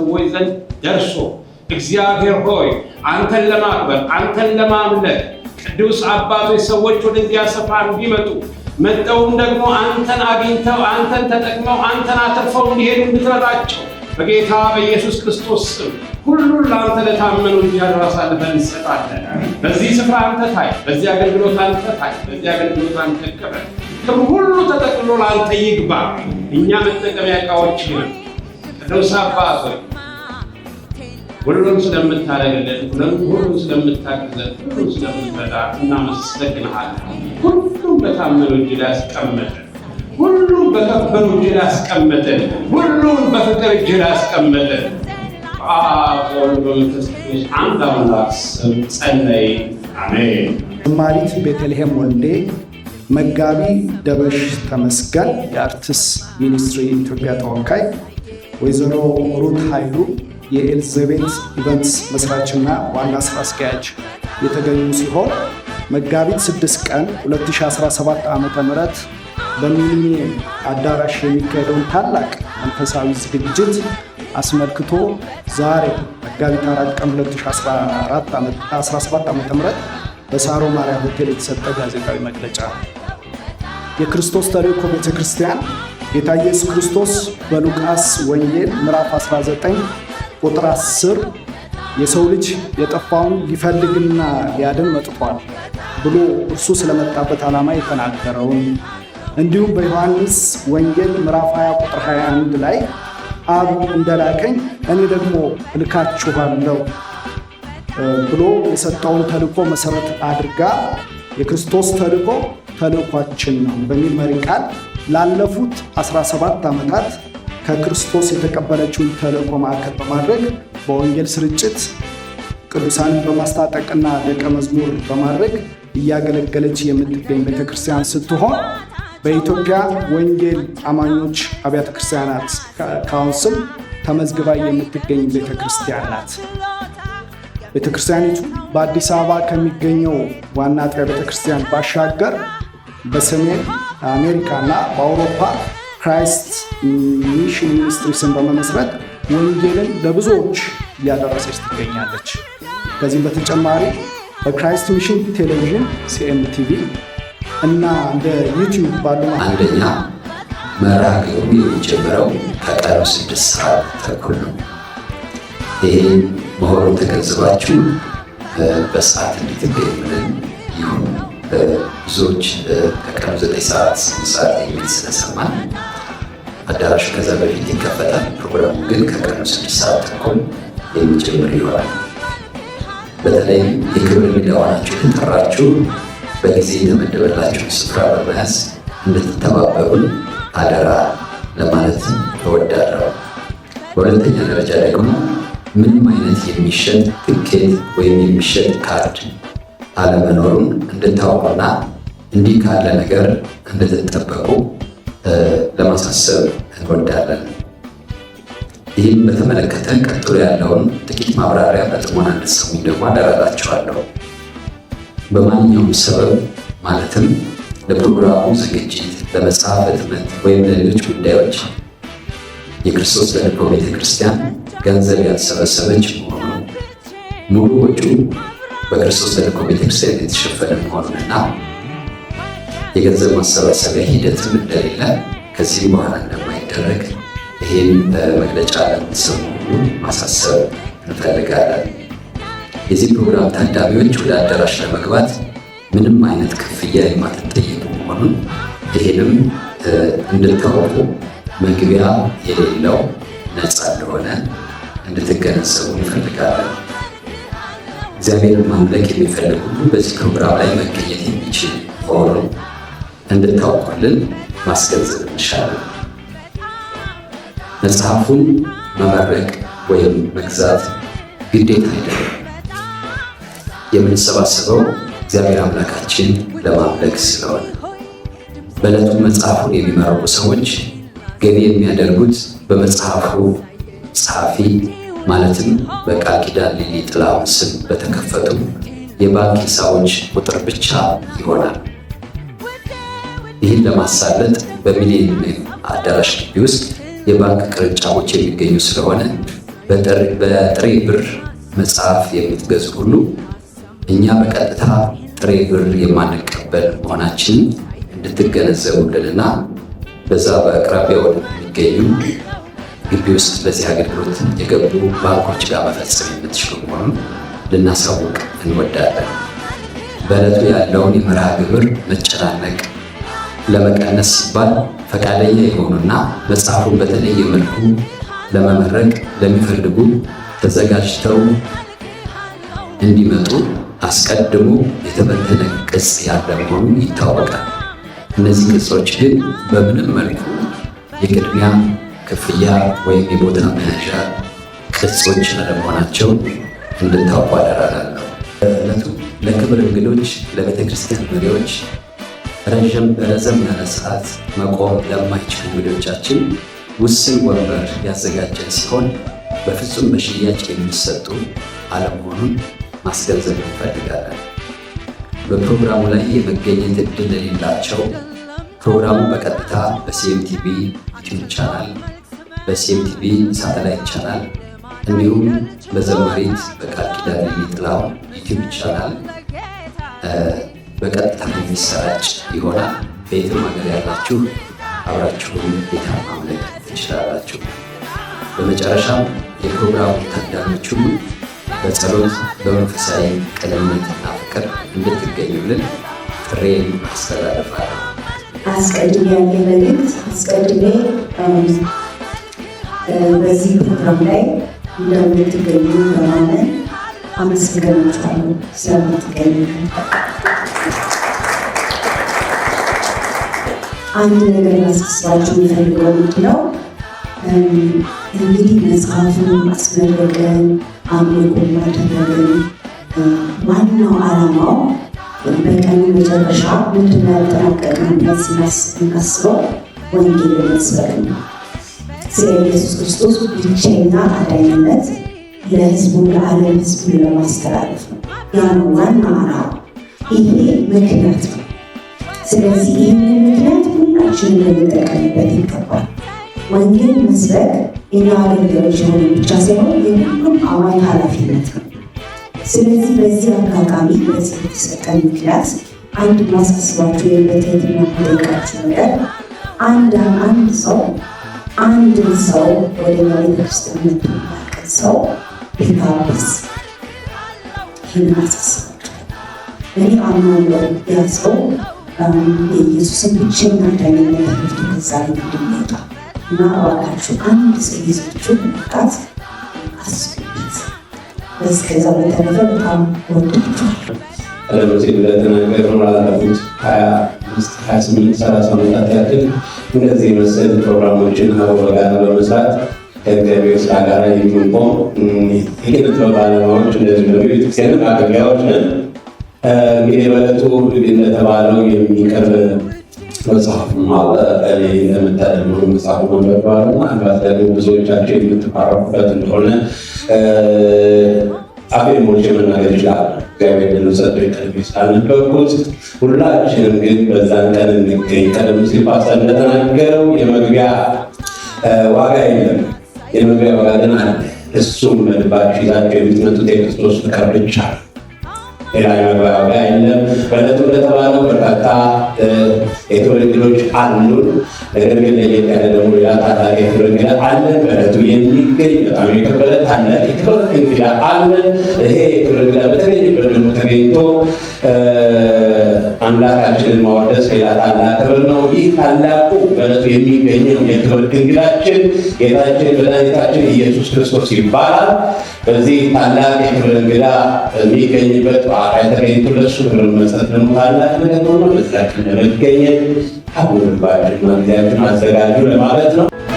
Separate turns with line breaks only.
ሰዎች ዘንድ ደርሶ እግዚአብሔር ሆይ አንተን ለማክበር አንተን ለማምለክ ቅዱስ አባቶች ሰዎች ወደዚያ ስፍራ እንዲመጡ መጠውም ደግሞ አንተን አግኝተው አንተን ተጠቅመው አንተን አትርፈው እንዲሄዱ እንድትረዳቸው በጌታ በኢየሱስ ክርስቶስ ስም ሁሉን ለአንተ ለታመኑ እንዲያደር አሳልፈን እንሰጣለን። በዚህ ስፍራ አንተ ታይ፣ በዚህ አገልግሎት አንተ ታይ፣ በዚህ አገልግሎት አንተ ቅበል። ክብር ሁሉ ተጠቅሎ ለአንተ ይግባ። እኛ መጠቀሚያ እቃዎች ። ነን። ቅዱስ አባቶች ሁሉም ስለምታደርግልን፣ ሁሉም ስለምታግዘን፣ ሁሉም ስለምትረዳ እናመሰግንሃለን። ሁሉም በታመኑ እጅ ላይ አስቀመጥን። ሁሉም በከበሩ እጅ ላይ አስቀመጥን። ሁሉም በፍቅር እጅ ላይ አስቀመጥን።
በአብ
ዝማሪት ቤተልሔም ወንዴ፣ መጋቢ ደበሽ ተመስገን የአርትስ ሚኒስትሪ ኢትዮጵያ ተወካይ፣ ወይዘሮ ሩት ኃይሉ የኤልዘቤት ኢቨንትስ መስራችና ዋና ስራ አስኪያጅ የተገኙ ሲሆን መጋቢት 6 ቀን 2017 ዓ ም በሚሊኒየም አዳራሽ የሚካሄደውን ታላቅ መንፈሳዊ ዝግጅት አስመልክቶ ዛሬ መጋቢት 4 ቀን 2017 ዓ ም በሳሮ ማርያም ሆቴል የተሰጠ ጋዜጣዊ መግለጫ የክርስቶስ ተልእኮ ቤተ ክርስቲያን ጌታ ኢየሱስ ክርስቶስ በሉቃስ ወንጌል ምዕራፍ 19 ቁጥር 10 የሰው ልጅ የጠፋውን ሊፈልግና ሊያድን መጥቷል ብሎ እርሱ ስለመጣበት ዓላማ የተናገረውን እንዲሁም በዮሐንስ ወንጌል ምዕራፍ 20 ቁጥር 21 ላይ አብ እንደላከኝ እኔ ደግሞ እልካችኋለሁ ብሎ የሰጠውን ተልእኮ መሰረት አድርጋ የክርስቶስ ተልእኮ ተልእኳችን ነው በሚል መሪ ቃል ላለፉት 17 ዓመታት ከክርስቶስ የተቀበለችውን ተልእኮ ማዕከል በማድረግ በወንጌል ስርጭት ቅዱሳንን በማስታጠቅና ደቀ መዝሙር በማድረግ እያገለገለች የምትገኝ ቤተክርስቲያን ስትሆን በኢትዮጵያ ወንጌል አማኞች አብያተ ክርስቲያናት ካውንስል ተመዝግባ የምትገኝ ቤተክርስቲያን ናት። ቤተክርስቲያኒቱ በአዲስ አበባ ከሚገኘው ዋና አጥቢያ ቤተክርስቲያን ባሻገር በሰሜን አሜሪካና በአውሮፓ ክራይስት ሚሽን ሚኒስትሪስን በመመስረት ወንጌልን ለብዙዎች እያደረሰች ትገኛለች። ከዚህም በተጨማሪ በክራይስት ሚሽን ቴሌቪዥን ሲኤምቲቪ እና እንደ ዩቲዩብ ባሉ
አንደኛ መርሃ ግብሩ የሚጀምረው ከቀኑ ስድስት ሰዓት ተኩል ነው። ይህን መሆኑን ተገንዝባችሁ በሰዓት እንድትገኝ ምንም ይሁን ብዙዎች ከቀኑ ዘጠኝ ሰዓት ምሳሌ የሚል ስለሰማን አዳራሹ ከዛ በፊት ይከፈታል። ፕሮግራሙ ግን ከቀኑ ስድስት ሰዓት ተኩል የሚጀምር ይሆናል። በተለይ የክብር እንግዳ ሆናችሁ በጊዜ የተመደበላችሁ ስፍራ በመያዝ እንድትተባበሩን አደራ ለማለት እወዳለሁ። በሁለተኛ ደረጃ ደግሞ ምንም አይነት የሚሸጥ ትኬት ወይም የሚሸጥ ካርድ አለመኖሩን እንድታውቁና እንዲህ ካለ ነገር እንድትጠበቁ ለማሳሰብ እንወዳለን። ይህም በተመለከተ ቀጥሎ ያለውን ጥቂት ማብራሪያ በጥሞና እንድትሰሙኝ ደግሞ አደራላችኋለሁ። በማንኛውም ሰበብ ማለትም ለፕሮግራሙ ዝግጅት፣ ለመጽሐፍ ህትመት ወይም ለሌሎች ጉዳዮች የክርስቶስ ተልእኮ ቤተክርስቲያን ገንዘብ ያልሰበሰበች መሆኑ ሙሉ ወጪው በክርስቶስ ተልእኮ ቤተክርስቲያን የተሸፈነ መሆኑንና የገንዘብ ማሰባሰቢያ ሂደት እንደሌለ ከዚህ በኋላ እንደማይደረግ ይህን በመግለጫ ለምትሰሙ ማሳሰብ እንፈልጋለን። የዚህ ፕሮግራም ታዳሚዎች ወደ አዳራሽ ለመግባት ምንም አይነት ክፍያ የማትጠየቁ መሆኑን ይህንም እንድታወቁ መግቢያ የሌለው ነፃ እንደሆነ እንድትገነዘቡ እንፈልጋለን። እግዚአብሔርን ማምለክ የሚፈልግ ሁሉ በዚህ ፕሮግራም ላይ መገኘት የሚችል ሆኖ እንድታውቁልን ማስገንዘብ እንሻለን። መጽሐፉን መመረቅ ወይም መግዛት ግዴታ አይደለም። የምንሰባሰበው እግዚአብሔር አምላካችን ለማምለክ ስለሆነ በዕለቱ መጽሐፉን የሚመረቁ ሰዎች ገቢ የሚያደርጉት በመጽሐፉ ጸሐፊ ማለትም በቃል ኪዳን ሊሊ ጥላሁን ስም በተከፈቱ የባንክ ሂሳቦች ቁጥር ብቻ ይሆናል። ይህን ለማሳለጥ በሚሊኒየም አዳራሽ ግቢ ውስጥ የባንክ ቅርንጫፎች የሚገኙ ስለሆነ በጥሬ ብር መጽሐፍ የምትገዙ ሁሉ እኛ በቀጥታ ጥሬ ብር የማንቀበል መሆናችንን እንድትገነዘቡልንና በዛ በአቅራቢያው የሚገኙ ግቢ ውስጥ በዚህ አገልግሎት የገቡ ባንኮች ጋር መፈጸም የምትችሉ መሆኑን ልናሳውቅ እንወዳለን። በዕለቱ ያለውን የመርሃ ግብር መጨናነቅ ለመቀነስ ሲባል ፈቃደኛ የሆኑና መጽሐፉን በተለየ መልኩ ለመመረቅ ለሚፈልጉ ተዘጋጅተው እንዲመጡ አስቀድሞ የተበተነ ቅጽ ያለ መሆኑ ይታወቃል። እነዚህ ቅጾች ግን በምንም መልኩ የቅድሚያ ክፍያ ወይም የቦታ መያዣ ቅጾች አለመሆናቸው እንድታውቁ አደራ ለክብር እንግዶች፣ ለቤተክርስቲያን መሪዎች ረዥም ረዘም ያለ ሰዓት መቆም ለማይችሉ እንግዶቻችን ውስን ወንበር ያዘጋጀን ሲሆን በፍጹም በሽያጭ የሚሰጡ አለመሆኑን ማስገንዘብ እንፈልጋለን። በፕሮግራሙ ላይ የመገኘት እድል ለሌላቸው ፕሮግራሙ በቀጥታ በሲኤምቲቪ ዩቲዩብ ቻናል፣ በሲኤምቲቪ ሳተላይት ቻናል እንዲሁም በዘማሪት በቃል ኪዳን ጥላው ዩቲዩብ ቻናል በቀጥታ የሚሰራጭ ይሆናል። በየትም ሀገር ያላችሁ አብራችሁን ጌታ ማምለክ ትችላላችሁ። በመጨረሻም የፕሮግራሙ ታዳሚዎች ሁሉ በጸሎት በመንፈሳዊ ቅንነትና ፍቅር እንድትገኙልን ጥሬን አስተላልፋለሁ።
አስቀድሜ ያለ መልእክት አስቀድሜ በዚህ ፕሮግራም ላይ እንደምትገኙ በማመን አመሰግናችኋለሁ ስለምትገኙ አንድ ነገር ላሳስባችሁ የሚፈልገው ነው? እንግዲህ መጽሐፉን አስመረቀን አምልኮ ማደረግን ዋናው ዓላማው በቀኑ መጨረሻ ምንድነው ያጠናቀቅንበት ስናስበው ወንጌል መስበክ ነው። ስለ ኢየሱስ ክርስቶስ ብቸኛ አዳኝነት ለህዝቡ ለዓለም ሕዝቡ ለማስተላለፍ ነው። ያን ዋና ዓላማ። ይሄ ምክንያት ነው። ስለዚህ ይህንን ምክንያት ሁላችንም ልንጠቀምበት ይገባል። ወንጌል መስበክ የኛ አገልጋዮች የሆነ ብቻ ሳይሆን የሁሉም አማኝ ኃላፊነት ነው። ስለዚህ በዚህ አጋጣሚ በዚህ የተሰጠን ምክንያት አንድ ማሳስባችሁ የበትትና መጠይቃችሁ ነገር አንድ አንድ ሰው አንድን ሰው ወደ ቤተክርስቲያን መጥቶ ሰው ቢጋብዝ ይህን ማሳስባችሁ እኔ አምናለሁ ያ ሰው የኢየሱስን ብቸኛ ዳኝነት ተረድቶ ከዛ ላይ እንድንወጣ እና እባካችሁ አንድ ሰው ይዛችሁ መምጣት አስቡበት። በስከዛ በተረፈ በጣም ወዳችኋለሁ።
ቀደምት ለተናገር ላለፉት ሀያ አምስት ሀያ ስምንት ሰላሳ ዓመታት ያክል እንደዚህ መሰል ፕሮግራሞችን በጋራ በመስራት ከእግዚአብሔር ስራ ጋር የሚንቆም የኪነ ጥበብ ባለሙያዎች እንደዚህ ደግሞ ቤተክርስቲያን አገልጋዮች ነን። እንግዲህ በለቱ እንደተባለው የሚቀር መጽሐፍ አለ። እኔ እንደምታደምሩ መጽሐፍ መንበባለ ምናልባት ደግሞ ብዙዎቻቸው የምትማረኩበት እንደሆነ አፌን ሞልቼ መናገር ይችላል። እግዚአብሔር ደሉ ሰዶች ቀድሜ ስላልነበርኩት ሁላችንም ግን በዛን ቀን እንገኝ። ቀደም ሲል ፓስተር እንደተናገረው የመግቢያ ዋጋ የለም፣ የመግቢያ ዋጋ ግን አለ። እሱም በልባችሁ ይዛቸው የምትመጡት የክርስቶስ ፍቅር ብቻ ነው። ሌላ መግባቢያ የለም። በእለቱ እንደተባለው በርካታ የትውልድ ድሎች አሉን። ነገር ግን ለየት ያለ ደግሞ ሌላ ታላቅ የክብር እንግዳ አለን። በእለቱ የሚገኝ በጣም የከበረ ታላቅ የክብር እንግዳ አለን። ይሄ የክብር እንግዳ በተገኘበት ደግሞ ተገኝቶ አምላካችንን ማወደስ ሌላ ታላቅ ክብር ነው። ይህ ታላቁ በእለቱ የሚገኘው የክብር እንግዳችን ጌታችን መድኃኒታችን ኢየሱስ ክርስቶስ ይባላል። በዚህ ታላቅ የክብር እንግዳ የሚገኝበት በአካል ተገኝቶ ለሱ ክብር መስጠት ደግሞ ታላቅ ነገር ሆኖ በዛችን ለመገኘት አሁንባችን ማግዚያችን አዘጋጁ ለማለት ነው።